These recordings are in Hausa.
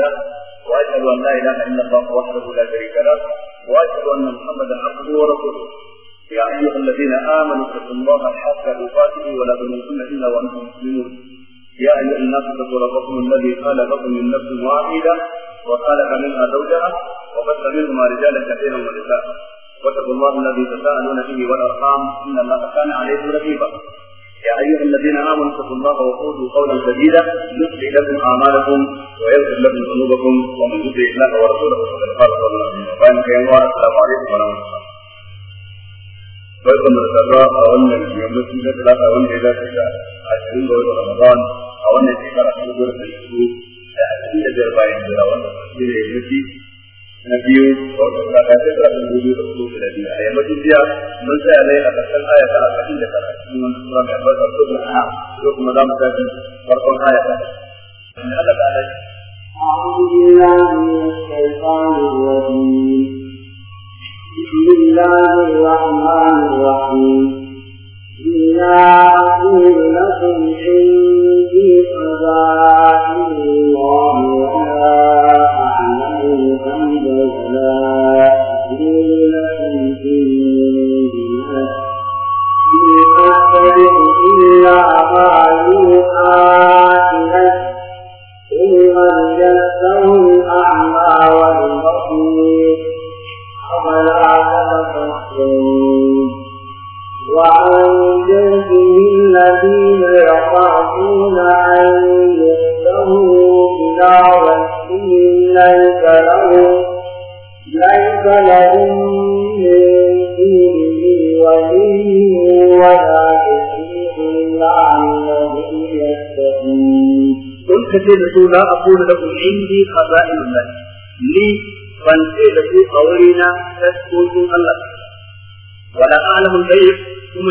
له واشهد ان لا اله الا الله وحده لا شريك له واشهد ان محمدا عبده ورسوله يا ايها الذين امنوا اتقوا الله حق تقاته ولا تموتن الا وانتم مسلمون يا ايها الناس اتقوا ربكم الذي خلقكم من نفس واحده وخلق منها زوجها وبث منهما رجالا كثيرا ونساء واتقوا الله الذي تساءلون به والارحام ان الله كان عليكم رقيبا يا أيها الذين آمنوا اتقوا الله وقولوا قولا سديدا يصلح لكم أعمالكم ويغفر لكم ذنوبكم ومن يطع الله ورسوله فقد فاز فوزا عظيما فإن السلام عليكم ورحمة الله barkan da tsarra a wannan yammaci na talata wanda ya dace da ashirin da wani ramadan a wannan shekara ta gudu da su da ashirin da biyar bayan jira wanda shi ne yammaci na biyu da wata kaka da karatun gudu da kudu da biyu a yammacin biya mun tsaya ne a ƙarshen aya ta arba'in da tara cikin wannan sura mai albarka ko da ana ko kuma za mu tafi farkon aya ta Allah ta alaƙi أعوذ بالله من الشيطان الرجيم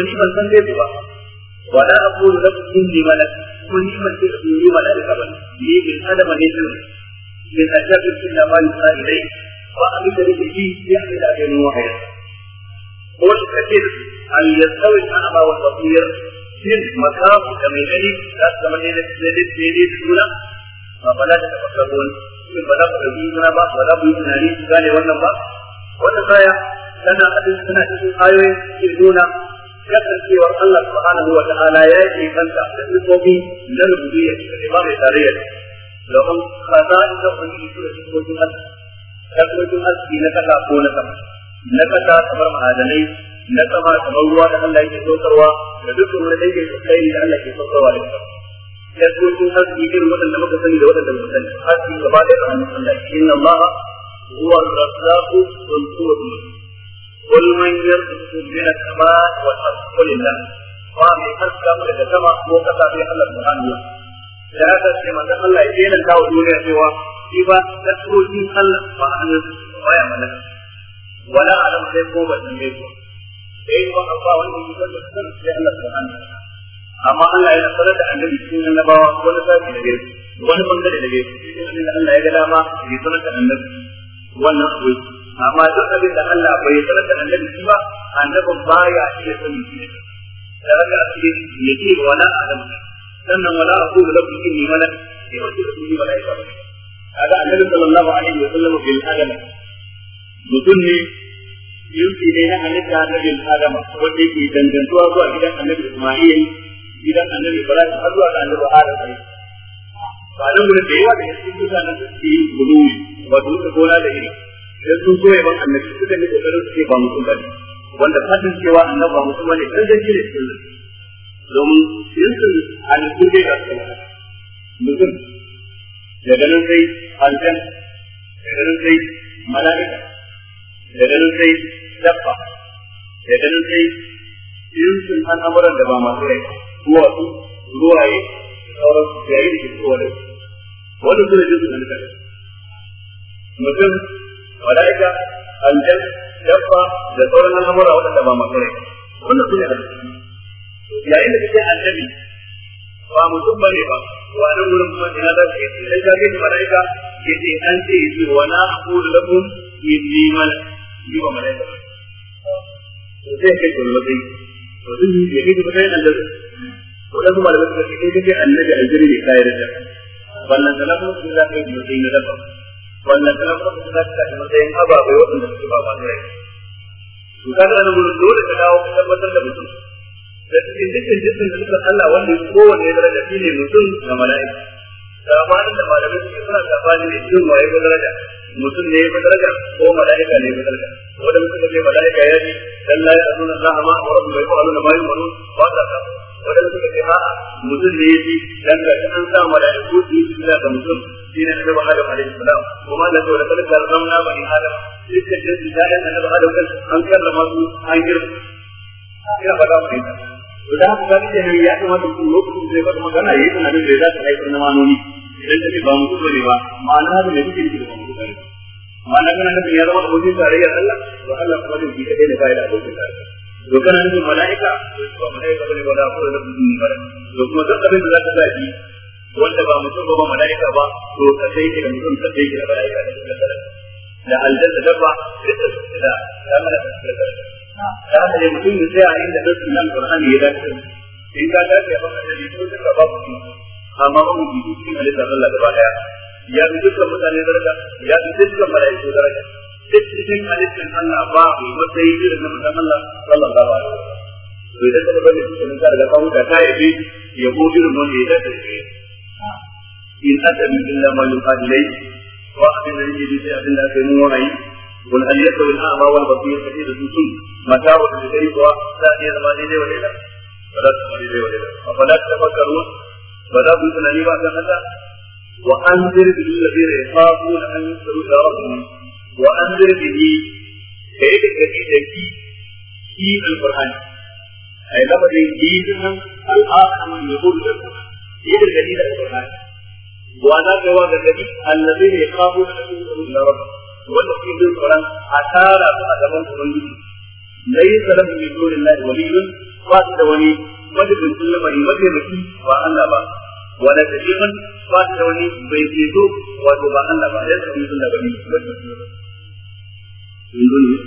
ni ban san zai ba wa la aqulu lakum inni malak kun ni ban ce ku ni malaika ba ni bin adama ne din bin ajabu illa ma yusa ilai wa abin da ke yi ya mai da bayan wahayi ko shi kace al yasawi ana wa tafsir shin makamu da mai gani za su zama daidai daidai da juna ba ba da tafakkarun in ba za ku ɗauki juna ba ba za ku yi tunani gane wannan ba wannan saya tana abin tana cikin ayoyin cikin juna kasancewar Allah subhanahu wa ta'ala ya yi kanta da sifofi na rububiyya da ba mai tarayya domin khaza'in da ubangiji suna sifofin Allah kasofin aski na kasa ko na sama na kasa kamar ma'adanai na sama kamar ruwa da Allah yake saukarwa da dukkan wani dangin sosai da Allah ke saukarwa da ita kasofin aski irin waɗanda muka sani da waɗanda muka sani aski gaba ɗaya kamar Allah inna Allah huwa ar-razzaqu dhul quwwati قل من يرزق من السماء والارض قل الله ba mai haska mu daga sama ko kasa sai Allah subhanahu wa da haka sai manzon Allah ya yana kawo duniya cewa shi ba tasroji Allah ba an baya malaka wala alam sai ko ba san mai ko sai ko abba wanda yake da san sai Allah subhanahu wa amma Allah ya sanar da annabi cikin annabawa wani sabi da gaisu wani bangare da gaisu sai Allah ya ga dama ya sanar da annabi wannan abu amma duk abin da Allah bai sanar da annabi shi ba annabin baya iya sanin shi da haka ake yake wala adam sannan wala aqulu lakum inni malak ya wato inni malaika kaga annabi sallallahu alaihi wa sallam bil adam mutum ne yanki ne na halitta na bil adam wanda yake dangantuwa zuwa gidan annabi Isma'il gidan annabi Ibrahim har zuwa ga annabi Adam alaihi ba nan gurin da yawa da cikin mutanen da suke gudu wato ta gona da ilimi da sun zo yaban annabi suka yi kokarin su ce ba mutum bane wanda fatan cewa annabi ba mutum bane kan gaske ne sun domin yanzu an kuje da su mutum daga nan sai aljan daga nan sai mala'ika daga nan sai dabba daga nan sai yanzun al'amuran da ba masu rai duwatsu, ruwaye sauran su da ke kowa da su wannan suna jinsu na mutane mutum malaika aljan dabba da sauran al'amura waɗanda ba masu rai wannan sune cikin yayin da kake annabi ba mutum bane ba wa nan gurin kuma ina za ka idan ka ga malaika yace an ce yace wa na aqulu lakum inni malak yi wa malaika to sai kai ko matsayi to duk da yake da annabi ko da kuma da kake annabi aljiri ne kai da wannan salatu lillahi wa wannan kana kuma su za su tafi matsayin ababai waɗanda suke ba masu rai to kaga nan gurin dole ka dawo ka tabbatar da mutum da cikin dukkan dukkan dukkan Allah wanda ya kowane daraja shi ne mutum da mala'ika sabanin da malamai suke suna sabani ne shin waye ba daraja mutum ne ba daraja ko mala'ika ne ya daraja wanda mutum ne mala'ika ya ce dan la ya'zuna Allah ma wa rabbuhu wa la yu'minuna ma yu'minun wa la ta'lamu wadanda suka ce a'a mutum ne yake dan ga an sa mala'iku su yi sujada ga mutum shi ne annabi Adam alaihi salam kuma da saboda kada karramna bani Adam duka da sujadan annabi Adam kan an karrama su an girma ina ba za mu to da haka gani da ya kamata ku lokacin da ba magana yayi tunanin da za ta haifar na manoni idan take ba mu ne ba ma'ana haka ne kuke da mu kuskure ma'ana kana da ya zama abokin tarayya Allah to Allah kuma da shi kadai ne da abokin tarayya to kana nufin mala'ika to shi ba mala'ika bane ba da ko da mutum ne to kuma duk abin da zaka zabi wanda ba mutum ba mala'ika ba to ka sai ki da mutum ka sai ki da mala'ika da kuma da da aljanna dabba da ta da da mana da ta da da haka ne mutum sai a inda da sunan qur'ani ya dace in ka dace ba ka da to da ba ku amma ba mu ji cikin Allah gaba daya ya bi dukkan mutane daraja ya bi dukkan mala'iku daraja duk cikin halittar Allah ba mai matsayi irin na mutan Allah sallallahu alaihi wasallam ka daga kawo ta yabi ya go irin ya dace ne in ma wa da bi ta abin kai wal a'ma wal basir mata wa zama wa fa tunani ba wa anzir bil ladina an wa an zirbihi da yi gargaɗi da shi shi alƙur'ani a yi zama da yi nan al'akam ya gudu da su yi gargaɗi da alƙur'ani wa na ga wa gargaɗi allazi ne kafu da su da rabu wanda suke bin tsoron a tara su a gaban ubangiji na yi salamu mai dorin lahi waliyun ba su da wani wanda bin ba Allah ba ba wani bai wato ba Allah ba sun min dunihi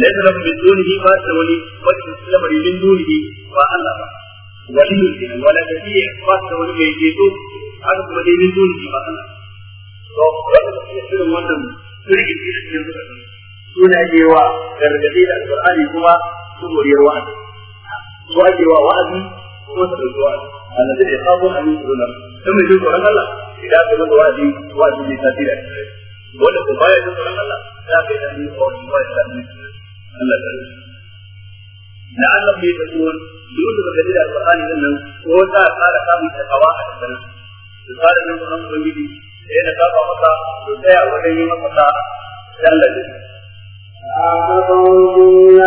laysa lahum min dunihi ba da wani wacce lamari min dunihi ba Allah ba wani kenan wala da shi ba da wani mai jeto haka kuma dai min dunihi ba Allah to wanda suke irin wannan sirri ne cikin zukatan suna yewa gargadi da alqur'ani kuma su moriyar wa'azi su ake wa'azi kuma su dauki wa'azi annabi wa'azi wa'azi a wanda za ka yi da ni Allah bai tsohon duk da magana da alƙur'ani nan ko za a fara samun takawa a cikin su fara nan sunan ubangiji sai da saba masa to tsaya wajen yi masa sallar da الذين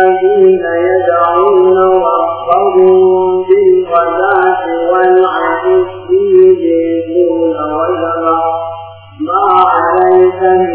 يدعون ربهم بالغداة والعشي يجيبون وجبا ما عليك من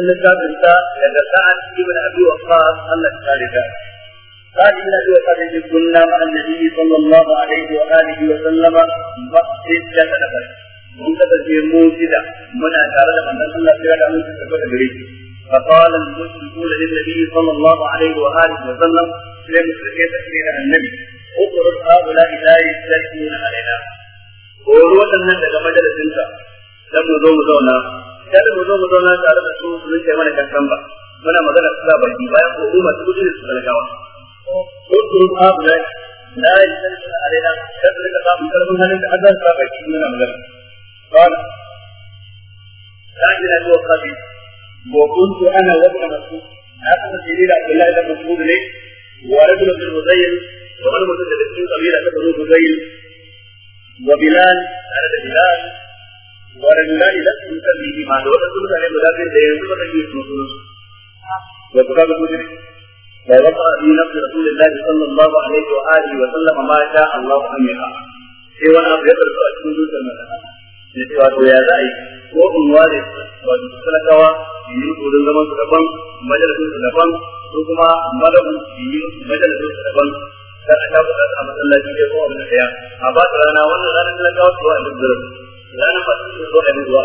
cikin littafin ta daga sa'ad ibn abi waqqas Allah ta rida قال إن أبي وقد كنا مع النبي صلى الله عليه وآله وسلم مسجد mun kasance mu shida muna tare da manzon Allah sai da mun tafi da gare shi fa qala al-mushrikuna lin nabiy sallallahu alaihi wa alihi wa sallam sai mu sai da sai da annabi ukhrij haula alaina daga mu zauna kada mu zo mu zauna tare da su su rike mana kankan ba muna magana su ba bayan ko umar su gudu su talagawa ko su abu da la yasalla alaina kada ka samu karfin halin da Allah ya baki muna magana قال لكن أبو قبيل وكنت أنا وابن مسعود أخذ جليل عبد الله بن مسعود لي ورجل بن مزيل ومن متجدد في قبيلة بن مزيل وبلال da بلال wa rajulani la tusalli bi ma da wadansu mutane guda biyu da yanzu ba zan yi sunan su da ku kaga kujiri da ya fara bi nafsi rasulullahi sallallahu alaihi wa alihi wa ma sha Allahu an yaka sai ya a cikin da za a yi ko in ware wato talakawa su yi wurin zaman su daban majalisun su daban ko kuma malamu su yi majalisun su daban kar a tabbata a masallaci ko abin da ya a ba rana wannan ranar talakawa su a duk ranar ba su zo da ruwa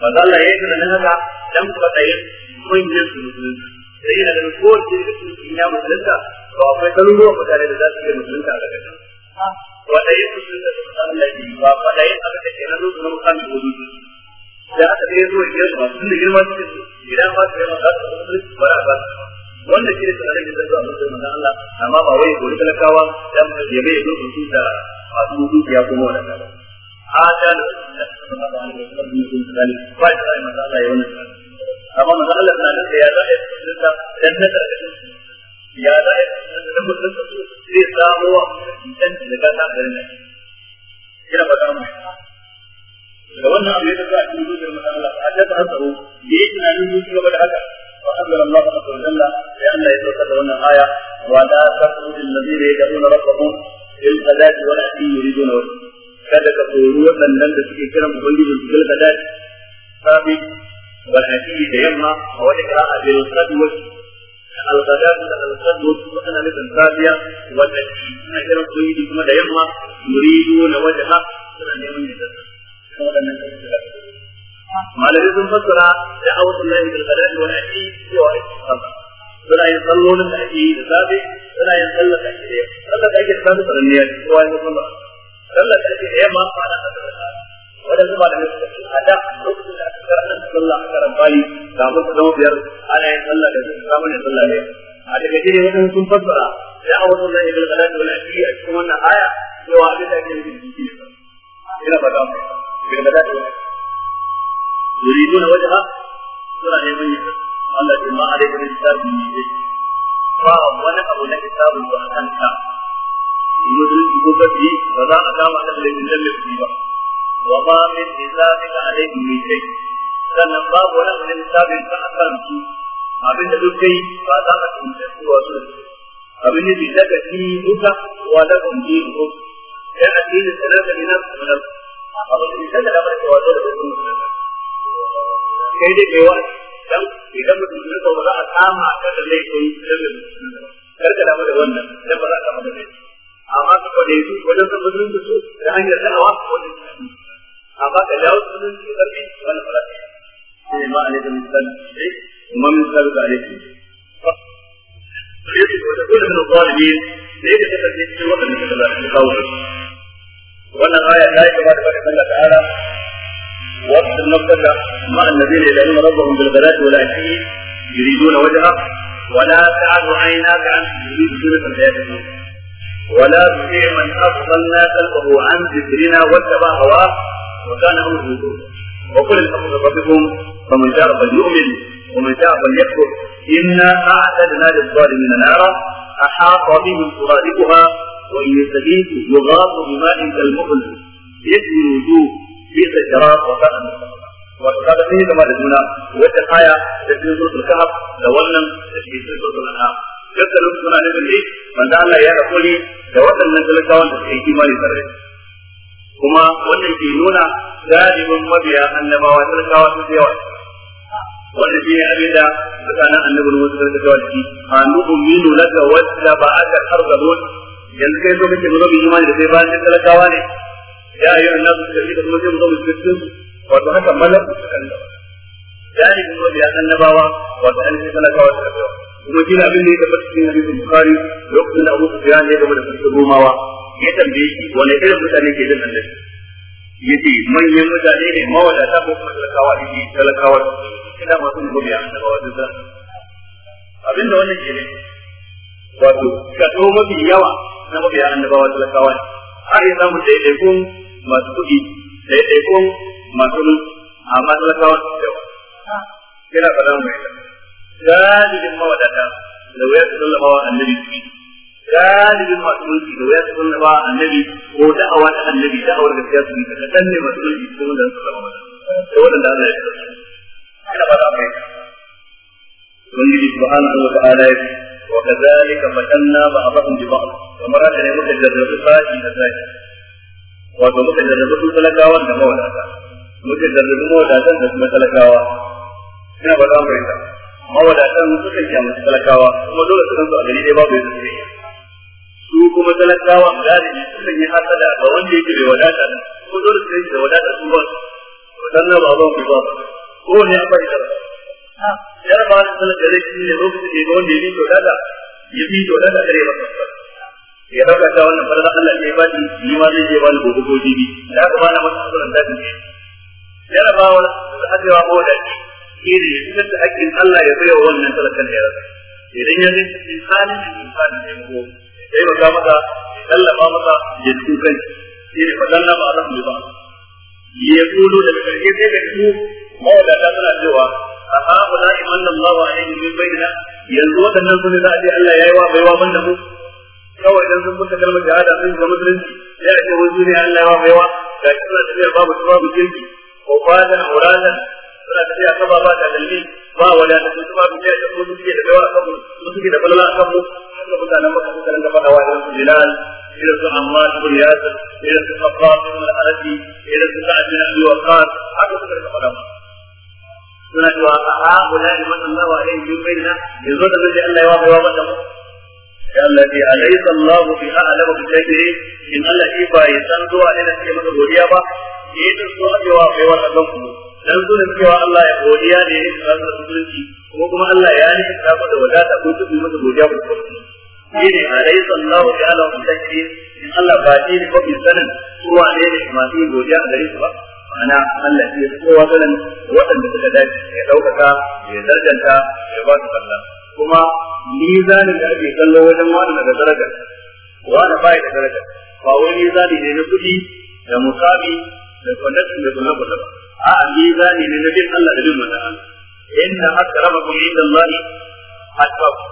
ba za Allah ya yi tunanin haka dan matsayin manyan su musulunci sai yana ganin kowace da su ya musulunta kai akwai ɗaruruwan mutane da za su iya musulunta a daga can kwaɗayin musulunta da mutane da ke ba kwaɗayin abin da ke nan zo su mutane da wuri da aka ɗaya zuwa girma masu da girma su ce idan ba su yi maka su ba a ba su wanda shi ne tunanin da zuwa musulunci da Allah amma ba wai gori talakawa dan ya bai zo su da masu dukiya kuma wadanda ba adal ba shi da manzo Allah ya wannan amma manzo Allah na da ya za a yi sunna dan na karkashin ya za a yi sunna dan mutum zai samu dan da ga ta garin nan kina ba mu da wannan abu da za a yi zuwa manzo Allah a ta tsaro yayi tunanin zuwa da haka فأنزل الله عز وجل لأن يتوكل هنا آية ولا تقتلوا الذين يدعون ربهم بالغداة والعشي يريدون وجهه kada ka tsoro waɗannan da suke kiran ubangiji su bilga dace sabi barhaki da yamma a wata kira'a bil qadwa al-ghadatu da al-qadwa kana nufin safiya wata suna kiran ubangiji kuma da yamma yuridu na wajha suna neman yadda waɗannan da malamai sun fassara da awsu na bil qadati wa ashi cewa aiki sallah suna yin sallolin da ake yi da safe suna yin sallar da ake da yamma sallar da ake da safe sananniya kowa ya sallah sallar karfe da yamma ba na da rana wadansu ba da mai suka ce a lokacin da aka karanta sallah a karan bali samun su zama biyar ana yin sallah da su samun yin sallah ne a daga jini wadansu sun fassara da a wasu zai ibil kalati wani asiri a cikin wannan aya cewa abin da ake yin jiki ne ina ba da ibil kalati wani yuriduna wajha suna neman yin Allah ya ma alaikum bisabi ba wani abu na kitabun ba kanka musulunci ko kafi ba za a kama da laifin dan mai kuɗi ba wa ma min hisabika alaihim min shay sannan babu wani abu da hisabin ka akan su abinda duk kai ba za a tunta kuwa su abin da bisa ga shi wa da kun ji ko dan addini sanar da ina da abin da bisa ga labarin wa da kai a laifin karka da musulunci su ta hanyar da'awa wanda ke shi amma ka jawo musulunci ƙarfi wani farafi ne ma a laifin misali ne kuma misali ga laifin ne da kuma da zalimin ne da ta karfi cikin waɗanda suka zafi kawo wannan aya ta yi gaba da faɗin Allah ta'ala واصل نفسك مع الذين يدعون ربهم بالغداة والعشي يريدون وجهه ولا تعد عيناك عنهم يريد سورة الحياة الدنيا أضلنا قلبه عن ذكرنا واتبع هواه وكان أمره يدور وقل الحمد ربكم فمن شاء فليؤمن ومن شاء فليكفر إنا أعتدنا للظالمين نارا أحاط بهم سرادقها وإن يستجيب يغاث بماء كالمهل يشوي الوجوه في الشراب وكان wato فيه كما yi zama da سورة الكهف kaya da سورة surtul dukkanin suna nufin dai manzo Allah ya hakuri da waɗannan talakawan da suke yi imani tare kuma wannan ke nuna galibin mabiya annabawa talakawa su yawa wanda shi ne abin da tsakanin annabin wasu talakawa da shi a nufin minu laka wadda ba a ka har gabo yanzu kai so kake nuna bin imani da sai bayan talakawa ne ya yi wannan su da shi da kuma sai mu da mu wato haka malaku su kan da galibin mabiya annabawa wato an yi talakawa su da yawa kuma shi abin da ya tabbata cikin hadisin bukhari lokacin da Abu Sufyan ya gama da sarkin Romawa ya tambaye shi wani irin mutane ke jin annabi yace manyan mutane ne mawadata ko kuma talakawa ne talakawa ina masu gobe a annabawa duk abin da wannan ke ne wato kaso mafi yawa na mabiya annabawa talakawa ne har ya samu ɗaiɗaikun masu kuɗi ɗaiɗaikun masu amma talakawa da yawa kira faɗa mai galibin mawadata da wayar sallama wa annabi suke galibin masu mulki da wayar sallama wa annabi ko da'awa ta annabi da'awar gaskiya su ne kaɗan ne masu mulki su wanda su zama mata da waɗanda Allah ya tsarki ana ba da mai ubangiji subhanahu wa ta'ala ya ce wa kadhalika fatanna ba'dahum bi ba'd kamar haka ne muka jarrabu sa'i da sa'i wato muka jarrabu su talakawan da mawadata muka jarrabu mawadatan da kuma talakawa ina ba da mai mawadatan sukan masu talakawa kuma dole su kansu a gari dai babu yadda suke su kuma talakawa galibi sukan yi hasada ba wanda yake bai wadata da ko dole su yi da wadata su ba su. ba ban ku ba ko ne a fahimta ba yar ba su talaka da shi ne lokacin da wanda ya da wadata ya bi da wadata kare ba ya ɗauka ta wannan farza Allah ne ba ni ni ma zai je ba ni gobe gobe bi da aka ba na masa sallan da ni yarabawar da hajjawa mawadati shi ne ya fitar da hakkin Allah ya bayar wannan talakan da ya rasa idan ya zai cikin halin da insani ne ko ya yi maka maka tallafa maka ya tukan shi ne fadan na ba a rasu ba ya kulo daga karshe sai da su mawadata suna cewa a haɓu na iman da Allah wa alaihi min na? yanzu waɗannan sun za a ce Allah ya yi wa baiwa ban da mu kawai dan sun furta kalmar shahada sun shiga musulunci ya ce wani ne Allah ya wa baiwa ga shi da tafiya babu tuwa babu kirki ko fatan auratan suna tafiya kan ba ba ta dalili ba wadatattun kuma su ne da kuma suke da dawa kan mu suke da falala kan mu haka mutanen maka suka rinka faɗa wa irin su bilal irin su amma su bin yasir irin su khabbab ibn al-arabi irin su sa'ad bin abi waqas haka suka rinka faɗa mu suna cewa a a guda ne wannan Allah wa alayhi bin bayyana yanzu da zai Allah ya wa mata mu ya Allah bi alaysa Allah bi a'lamu bi shay'in in Allah ba ya san zuwa ne da ke masa godiya ba yayin da zuwa bai wa bai wa kan kuma dan zuwa cewa Allah ya godiya ne ya kasa da musulunci kuma kuma Allah ya ne ta da wadata ko ta kuma da godiya ko shi ne alai sallahu ta'ala wa takbir in Allah ba shi ne ko sanin kowa ne ne masu yin godiya a gare shi ba ana Allah ya kowa sanin waɗanda suka dace ya ɗaukaka ya darjanta ya ba su kalla kuma mizanin da ake kallo wajen wani daga daraja wani bai da daraja ba wani mizani ne na kuɗi da musabi da kwanatin da kuma kwanatin a mizani ne na bin Allah da bin Inda Allah raba akramakum inda Allah atqakum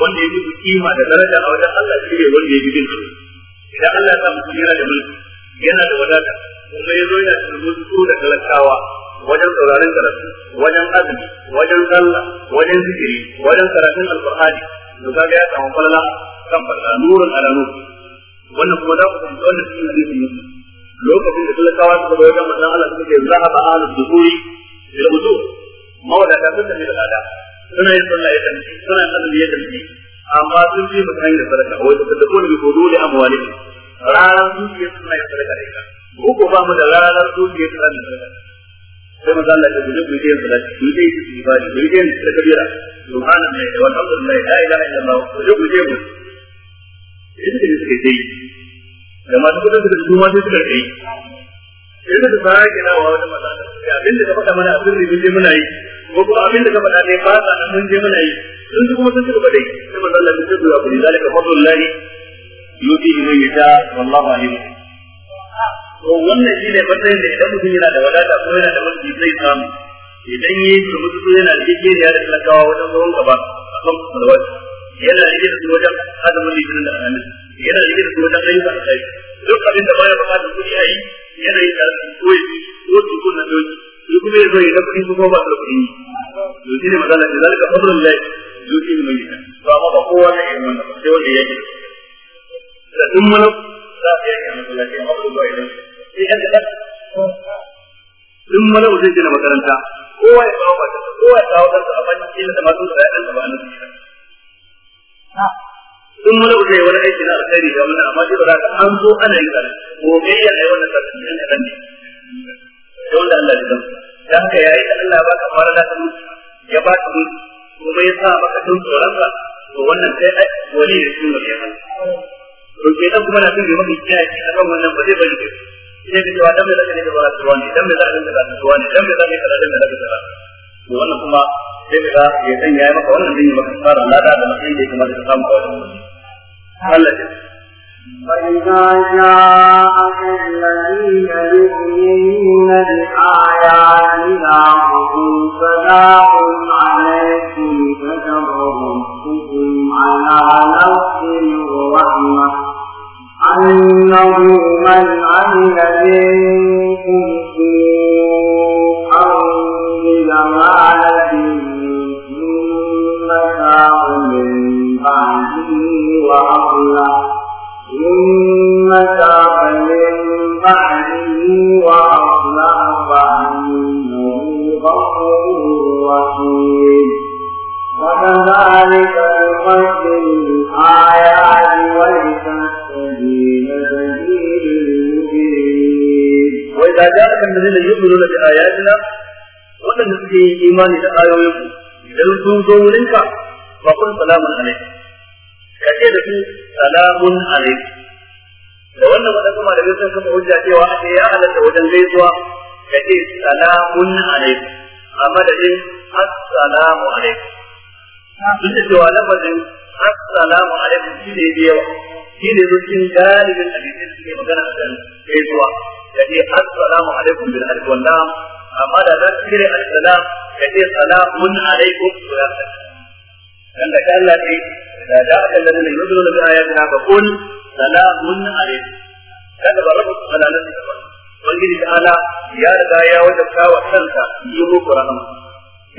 wanda ya fi kima da daraja a wajen Allah shi ne wanda ya fi bin Allah idan Allah ya samu yana da mulki yana da wadata kuma ya zo yana turbutu da talakawa wajen sauraron karatu wajen azumi wajen sallah wajen zikiri wajen karatun alqur'ani to kaga ya samu falala kan falala nurun ala nur wannan kuma za ku fahimci wannan cikin hadisin musulmi lokacin da talakawa suka bayar da manzon Allah suka ce ba ahlu zuhuri bil wudu ta sun tafi da lada suna yin sallah ya suna yin azumi ya tambi amma sun ji mutum hanyar sadaka wai da da kullu da li ranar zuciya suna yin sadaka da ita ko ko ba mu da ranar zuciya suna yin sadaka sai manzon Allah ya ce da je ku salati ku je ku ibadi ku da ku takbira subhanallahi walhamdulillahi la ilaha illallah ku je ku ita da masu kudin da su ma suka kai sai fara kirawa wata malaka sai abin da ka faɗa mana abin da je muna yi ko kuma abin da ka faɗa ne ba sa mun je muna yi sun su kuma sun suka faɗa sai manzo Allah ya tsaya kuri zalika fadlullahi yuti man yata wallahu alim to wannan shine matsayin da idan mutum yana da wadata ko yana da mulki zai samu idan yi da mutum yana da kike da talakawa wajen zuwan gaba a kan kulawar yana da kike da wajen azumin litinin da alamin yana da irin wajen ayyuka da kai duk abin da baya bukata kuɗi a yi yana yi tare da koyi ko tukun na doki shi kuma ya zo ya da kuɗi kuma ba da kuɗi to shi ne magana ce zalika fadlun lahi yuti liman yasha to amma ba kowa na irin wannan ba sai wanda yake da duk wani za a yi a masallaci amma ba zuwa idan sai yan da duk wani mutum ke na makaranta kowa ya kawo ta, kowa ya kawo ta, a bakin kila da masu da ya ɗansa ba a nan dun wani mutum wani aiki na alkhairi ga wani amma sai ba za ka an zo ana yin kaza gobe ya yi wannan kaza ne kadan ne da wanda Allah ya zama da haka Allah ba ka fara da ya ba ka mutu gobe ya sa maka tun tsoron ka to wannan sai wani ya sun mafi hal to ke kuma na son ya mafi kiyaye a kan wannan ba zai bari ka sai ka cewa dan me zaka ne da ba ka tuwa ne dan me zaka ne da ba ka tuwa ne dan me zaka ne da ba ka tuwa to wannan kuma sai ka ya sanya ya maka wannan din ya maka fara lada da matsayin da ya kamata ka a wajen mutum فإذا جاءك الذين يؤمنون بآياتنا قل سلام عليكم كتب ربكم على نفسه الرحمة أنه من عمل منكم سوءا بجمالة ثم تاب بعده وعقلا ثم تاب من بعده وعقلا فأنه غفور رحيم وكذلك نقدم الآيات ولتستبين سبيل المجرمين وإذا جاءك الذين يؤمنون بآياتنا waɗanda suke yin imani da ayoyinku idan sun zo wurinka ba kun salamun alaikum ce da su salamun alaikum da wannan kuma da sun kafa hujja cewa a eh, ya halatta wajen gaisuwa ka ce salamun alaikum a madadin assalamu alaikum duk da cewa lamarin assalamu alaikum shi ne da yawa shi ne cikin galibin hadisi da suke magana a kan gaisuwa ka ce assalamu alaikum bin alif amma da za su kire assalam ka ce salamun alaikum to ya san dan da Allah ne da da aka lalle ne yanzu da aya ta ka kun salamun alaikum kada ba rabu salamun da ba ubangiji ta ala ya riga ya wada kawa kanka yi muku rahama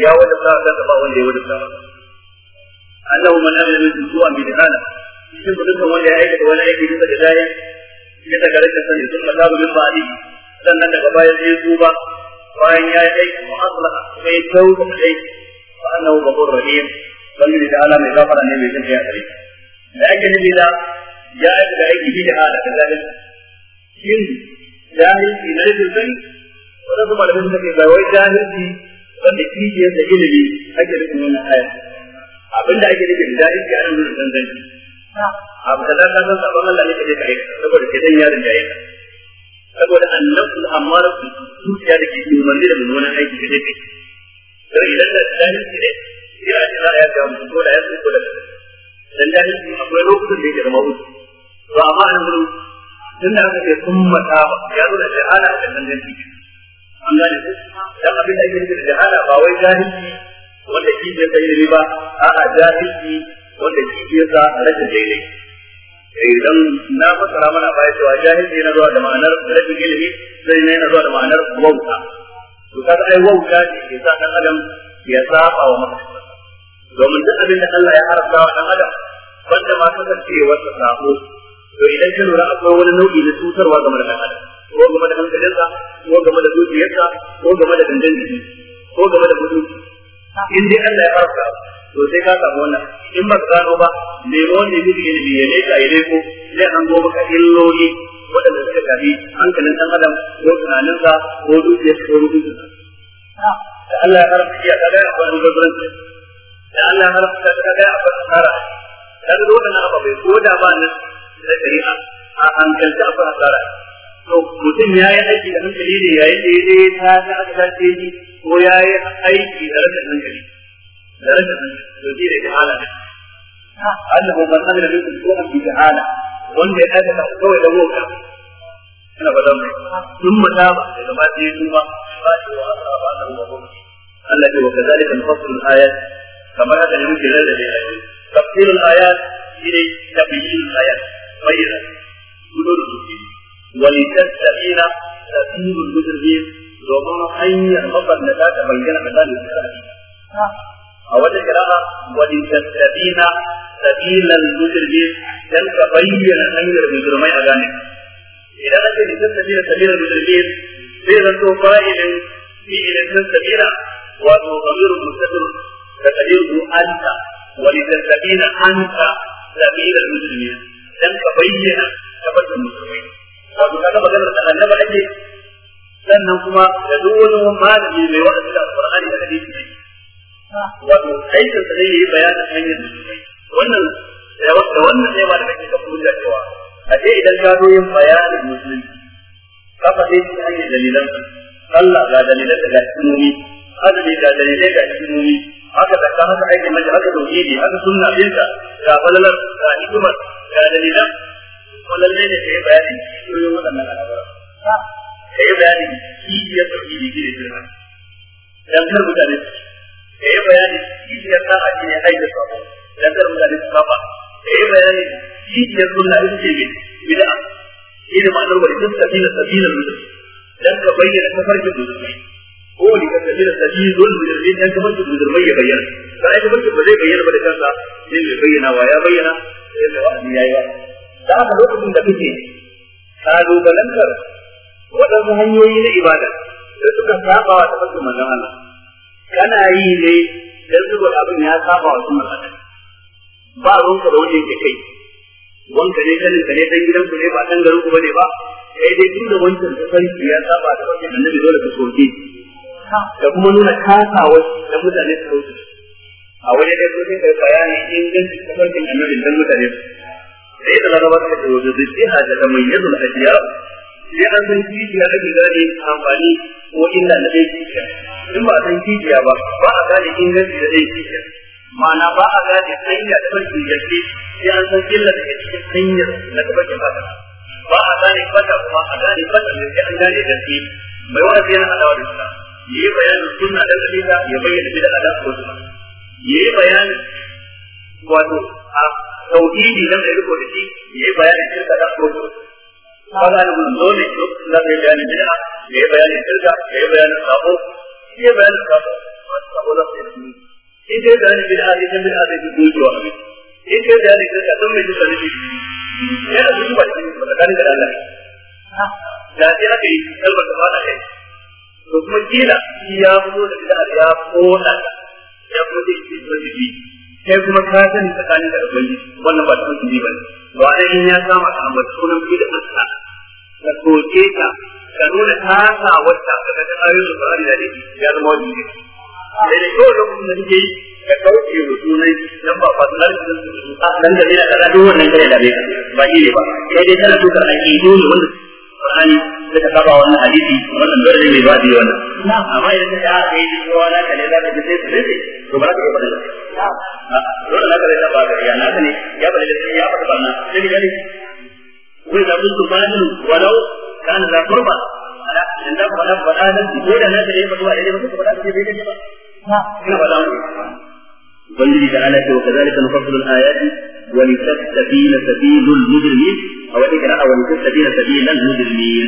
ya wada kawa kanka ba wanda ya wada kawa annahu man amila min su'an bi dhala shin dukkan wanda ya da wani aiki da dai bisa ga rashin sani sun ka zabu min ba'di nan daga baya sai ba, bayan ya yi aiki mu'asala sai tauba aiki fa annahu ghafurur rahim bangare da ta'ala mai gafara ne mai jin kai a gare da ake nufi da ya aiki da aiki bi da ala kan zalunci shin jahilci na rashin sani wanda kuma da suka ce ba wai jahilci wanda kike da ilimi ake nufin na aya abinda ake nufi da jahilci a nan gurin zanzanci abu da zaka san sabon Allah ne kake kai saboda ke dan yarin da yake saboda annabul su zuciya da ke umarni da mummunan aiki da take sai idan da jahilci ne ya ce za a yi yaga mutum ko da ya tsinko da kai dan jahilci akwai lokacin da yake da wuce to amma a nan gurin tun da aka ce sun mata ba ya zo da jahala a kan ganci an gane ku dan abin da ake nufi da jahala ba wai jahilci wanda shi bai sai riba a'a jahilci wanda shi bai sa rage daidai Eh dan na fasara mana baya cewa jahilci na zuwa da ma'anar rage ilimi sai na zuwa da ma'anar wauta to kaga ai wauta ne ke sa dan adam ya saba wa maka domin duk abin da Allah ya haramta wa dan adam banda ma kasancewar sa sabo to idan ka lura akwai wani nau'i na cutarwa game da dan adam ko game da hankalinsa ko game da zuciyarsa ko game da dandan jiki ko game da mutunci in dai Allah ya haramta to sai ka samu wannan in ba ka gano ba wani ne miji ne biye ne ka yi ko zai an go maka illoli waɗanda suka gabi hankalin ɗan adam ko tunaninsa ko zuciyarsa ko mutuncinsa da Allah ya haramta iya kaga akwai albazuranci da Allah ya haramta ta ga abin asara da duk wannan ababai ko da ba nan da shari'a a hankalta abin asara to mutum ya yi aiki da hankali ne yayin da ya je ta ta aka sace shi ko ya yi aiki da rashin hankali da rashin hankali to shi da jahala ne Allah ko ban amina bikum ko an bi jahala wanda ya aikata kawai da woka ina ba zan mai sun mata ba daga ma sai duba ba shi wa asaba da Allah ya wa kazalika nafsul ayat kamar haka ne muke rarrabe ayoyi tafsirul ayat shine tabyinul ayat bayyana gudu da zuci walitastabina sabilul mujrimin domin hanyar mabannata ta bayyana a tsarin shari'a a wata kira'a walitastabina sabilul mujrimin dan ka bayyana hanyar mujrimai a gane idan ake litastabina sabilul mujrimin zai zanto fa'ilin fi'ilin sabila wato zamirul mustaqil تقديره أنت ولتستبين أنت سبيل المسلمين dan ka bayyana tabbatar musulmai wato kaga maganar da annaba ake sannan kuma da duk wani malami mai wa'azi da Qur'ani da hadisi ne wato sai ka sai yi bayanin hanyar musulmai wannan da wannan ne ba da kake ka furta a ce idan adadi da dalilai da hikimomi haka da zakka haka aikin naji haka tauhidi haka sunna binta ga falalar ga hikimar ga dalilan falalle ne ke bayani kiyoyin waɗannan al'amura kai bayani kiyiyar tauhidi ke da jirna dan kar mutane kai bayani kiyiyar ta addini aida sabo dan kar mutane su saba kai bayani kiyiyar sunna ita ce bid'a ina ma'anar wa idan sabila sabila mutum dan ka bayyana tafarkin musulmai ko ni ka tafi da tafi zuwa mujirmin yan kamar su mujirmai ya bayyana da ai kamar ba zai bayyana ba da kansa sai mai bayyana wa ya bayyana sai mai wa'azi ya yi wa da haka lokacin da kake kalubalantar waɗansu hanyoyi na ibada da suka saba wa tafarki manzon Allah kana yi ne dan saboda abin ya saba wa sunan Allah ba ruwanka da wanda yake kai wanka ne kanin ka ne dan gidan ku ne ba dan garin ku bane ba sai dai tunda wancan ta sarki ya saba da wannan annabi dole ka soke da kuma nuna kasawa da mutane su kauce a wani da sosai kai bayani inganci tafarkin annabin don mutane su sai da laraba ta ce wajen da shi hada da mai yadda a biya sai an san kijiya ake gane amfani ko illa na dai kijiya in ba a san kijiya ba ba a gane inganci da dai kijiya ma'ana ba a gane hanya da farkin gaske sai an san illa da ke cikin hanyar na tafarkin haka ba a gane fata kuma a gane fata ne sai an gane gaske mai wani sai yana adawa da shi yi bayanin sunna da ya bayyana bid'a da sunna yi bayanin wato a tauhidi da shi yi bayanin shirka da sunna da mun da ya bayanin bid'a ya bayanin shirka ya bayanin sabo ya bayanin sabo sabo da sunna in dai bayanin bid'a bid'a da in dai bayanin shirka duka ne da shi ba da da Allah da kalmar da ba kai to kuma kila shi ya fito da bid'a ya koda ya kuma zai ce zo jibi kuma ka sani tsakanin da ubangi wannan ba ta jibi bane to an in ya kama ka amma sunan bid'a ta ta soke ka ka nuna ta sa wata ka ga ayoyin Qur'ani da ya zama wajibi sai da kowa da kuma nake ka kauce mu sunai dan ba fa sanar da su a dan da ina kaza duk wannan kare da bai ba ne ba sai dai kana so ka aiki dole wannan Qur'ani suka saba wannan hadisi wannan dole ne mai baɗi wannan amma idan ka ya kai ji kowa na kale da ka ji sai su to ba ka yi faɗin dole na kare ta ba ga ya naka ne ya faɗi da ya faɗi ba na sai ga ne wai da mutum ba ni walau kana da kurba ala idan da faɗa faɗa da ko da na kare ba ba da ba faɗa da bai da ba ina faɗa mu ubangiji ta ala ce wa kazalika nufassilu al-ayati wa litastabila sabilul mujrimin أو إقرأ ولتستبين سبيل المجرمين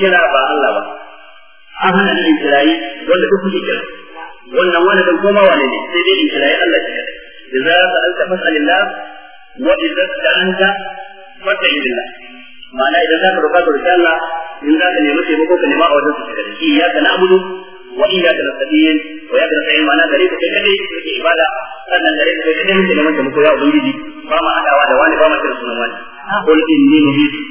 kira ba Allah ba an hana ni kirayi wanda duk kuke kira wannan wani dan koma wane ne sai dai kirayi Allah shi kadai idza sa'alta fas'alillah wa idza sta'anta fas'alillah ma'ana idan za ka roƙa ka roƙi Allah in za ka nemi taimako ka nema a wajen su kadai iyyaka na'budu wa iyyaka nasta'in wa ya iyyaka nasta'in ma'ana gare ka kai kadai kake ibada sannan gare ka kai kadai kake neman taimako ya ubangiji ba ma adawa da wani ba ma kira sunan wani qul inni nuhitu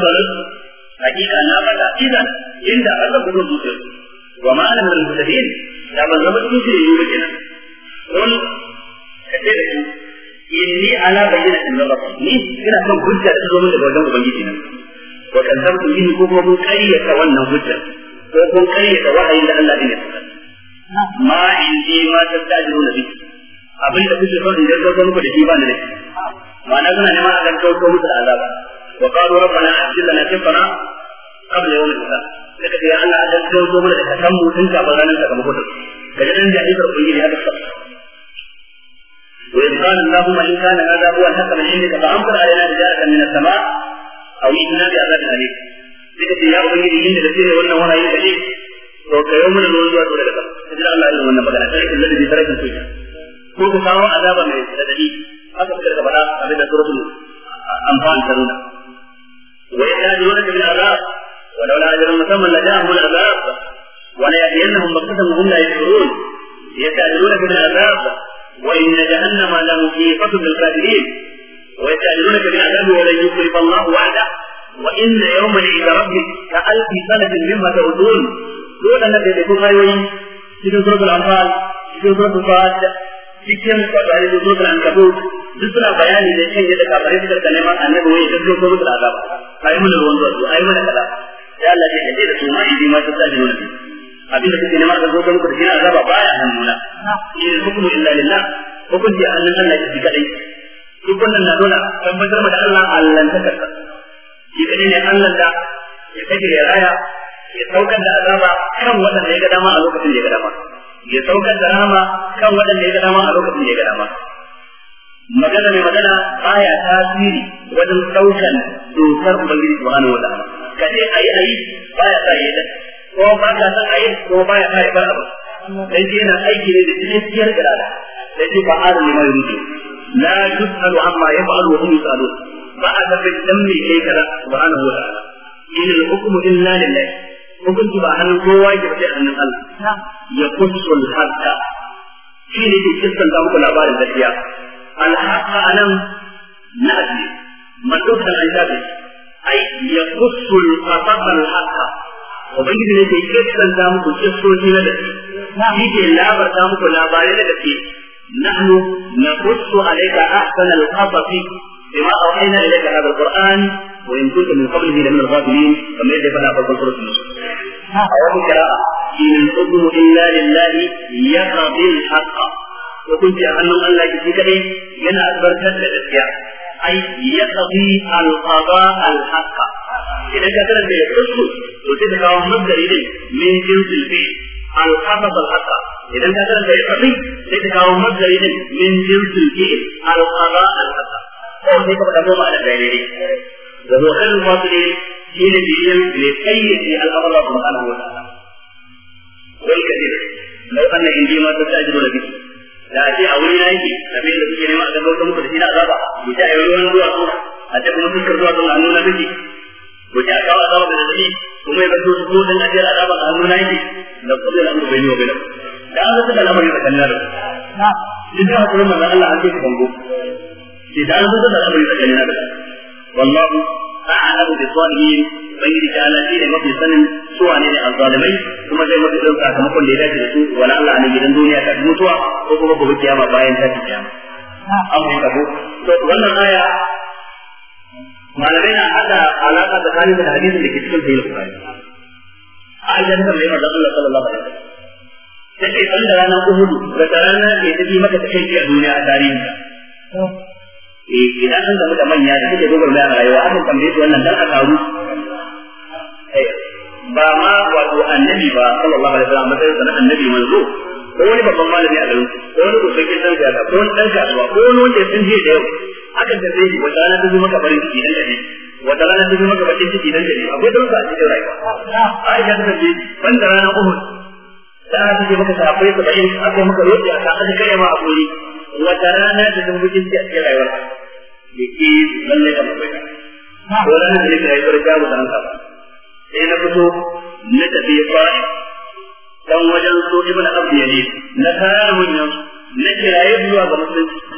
balan hakika na faɗa idan inda aka gudu wa da ban zama ka ce da ku inni ala bayyana in da ni ina hujja wajen ubangiji wa ko kuma wannan hujja ko kun wahayin da Allah ma in ji ma ta da abin da kuke in da shi ba ne dan mutun ka ba ranar sakamako da kaje dan jami'ar ubangiji haka sa wa in kana allahumma in kana hadha huwa al-haqq min indika fa amtir alaina rijalan min as-sama' aw inna bi azabin alim dika ce ya ubangiji yin da sai wannan wahayi da ne to kayo mana ruwan zuwa to daga sama Allah ya wannan magana sai kullu da tarakin su ko ku kawo azaba mai radadi haka kuka da bada abin da suratul anfal taruna wa yadda yunaka bil azab ولولا أجر مسمى لجاءهم العذاب ولا يأتينهم بغتة وهم لا يشعرون يستعجلون بالعذاب وإن جهنم لمحيطة بالكافرين ويستعجلونك بالعذاب ولن يخلف الله وعده وإن يوما عند ربك كألف سنة مما تعدون دون أن تكون غيوي cikin suratul anfal cikin suratul fat cikin kwatsari da suratul ankabut duk suna bayani da kan yadda kafare suka ta neman annabi wai duk ko mutul azab ayi mun ruwan zuwa ayi mun kada sai da ma abinda kake nema ka zo ka muku da shi na azaba baya hannuna in hukmu illa lillah hukunci a hannun Allah shi kadai duk wannan na nuna tabbatar da Allah Allah ta kasa shi kadai ne Allah da ya kaje ya raya ya saukar da azaba kan wanda ya ga dama a lokacin da ya ga dama ya saukar da rama kan wanda ya ga dama a lokacin da ya ga dama magana mai magana baya tasiri wajen saukan dokar ubangiji subhanahu wa ta'ala kace ayi ayi baya sa yi ko ba ya san ayi ko ba ya kai bar ba. dan shi yana aiki ne da cikakkiyar irada dan shi ba haru ne mai rubutu la yusalu amma yaf'alu wa hum yusalu ba a tabbata dan me kai kaza subhanahu wa ta'ala in al-hukmu illa lillah hukunci ba hannun kowa ke sai hannun Allah ya kusu al-haqqa shi ne ke kiskan da muku labarin gaskiya al anan na ajiye man dukkan an shafe ai ya kusu al-haqqa ubangiji ne ke kirkanta muku kiskoki na gaske shi ke labarta muku labarai na gaske nahnu naqussu alayka ahsana al-qasasi bima awhayna ilayka hadha al-qur'an wa in kunta min qablihi lamin al-ghafilin kamar yadda fada farkon surat yusuf a wani kira'a in al-hukmu illa lillahi yaqdi al-haqq hukunci a hannun Allah ke shi kadai yana albarkar da gaskiya ai yaqdi al-qada al-haqq idan ka karanta ya kusu ta kawo masdari ne min jinsil fi al qasab al idan ka karanta ya fi sai ta kawo masdari ne min jinsil fi al qada al asa ko sai ka fada goma da daidai da huwa kan ne shi ne biyan ne kayyade al'amara subhanahu wa ta'ala wai kadir lau anna indi ma ta tajiru da biki da ake a wuri na yake abin da suke nema a gaban wata muku da shi na azaba mu ta yi ruwan zuwa a ta kuma fuskar zuwa sun a nuna biki mu ta kawo azaba da zazzabi kuma ya zanto su kudin ajiyar azaba a hannu na yake da kudin an gobe ne wa bela da an zata da lamarin tsakanin da shi da hakurin manzan Allah an ce ku bango shi da an zata da lamarin tsakanin da wallahu a'lamu bi salihin bayyana ta ala shi ne mafi sanin su wane ne azzalimai kuma zai mafi dauka sakamakon da ya dace da su wala Allah ne gidan duniya ta mutuwa ko kuma gobe kiyama bayan ta kiyama an fahimta ko to wannan aya malamai na hada alaka tsakanin da hadisin da ke cikin sahih bukhari aisha ta mai manzon Allah sallallahu alaihi wasallam take san da ranar uhudu da rana ke tafi maka ta kai a duniya a tarihinka eh idan an zama da manya da suke dogon bayan rayuwa akan kan su wannan dan a karu eh, ba ma wato annabi ba sallallahu alaihi wasallam matsayin sanan annabi manzo ko wani babban malami a garin ko wani ko sai dan siyasa ko wani dan kasuwa ko wani wanda ya san da yau akan tarbe shi wata rana ta zo maka farin ciki dan gari wata rana ta zo maka bakin ciki dan gari akwai dauka a cikin rayuwa Aisha ta tarbe shi ban da rana Uhud da ta ce maka sahabbai ka bayin akwai maka roƙi a kan ta kare ma a gori wata rana ta zo bakin ciki a cikin rayuwar ka da ke lalle da mafi ka ko rana da yake rayuwar ka mu dan ka sai na fito na tafi fa'i dan wajen so ibn abdiyali na kare mun yanzu na kiraye zuwa ga musulunci